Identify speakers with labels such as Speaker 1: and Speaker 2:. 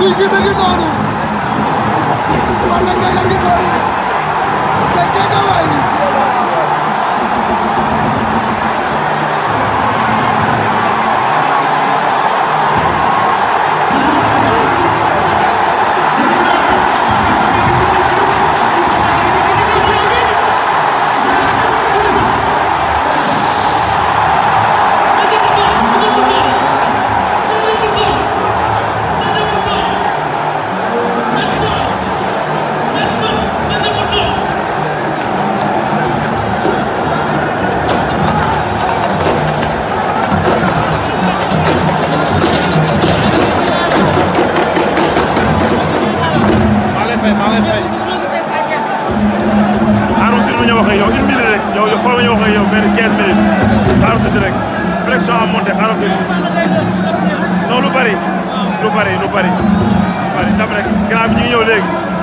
Speaker 1: Bilgi Bilgi Doğru. Parlakaya Bilgi Doğru. Seke Doğru.
Speaker 2: benn 15 minutes xaaral tuuti rek pression à monter xaaral tuuti non lu bari lu bari lu bari lu bari ndam rek grand bi ñu ngi ñëw léegi.